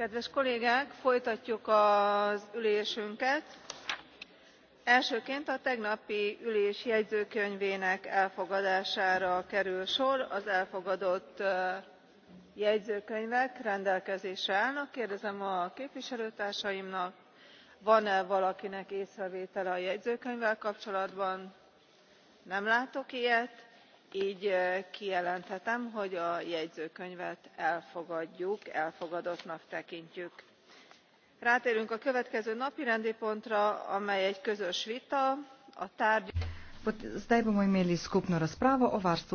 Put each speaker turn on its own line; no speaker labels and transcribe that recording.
kedves kollégák folytatjuk az ülésünket elsőként a tegnapi ülés jegyzőkönyvének elfogadására kerül sor az elfogadott jegyzőkönyvek rendelkezésre állnak kérdezem a képviselőtársaimat van e valakinek észrevétele a jegyzőkönyvvel kapcsolatban? nem látok ilyet gy kijelenthetem hogy a jegyzőkönyvet elfogadjuk elfogadottnak tekintjük. rátérünk a következő napirendi pontra amely egy közös vita a tárgyi. zdaj bomo imeli skupno razpravo o varstvu okolja.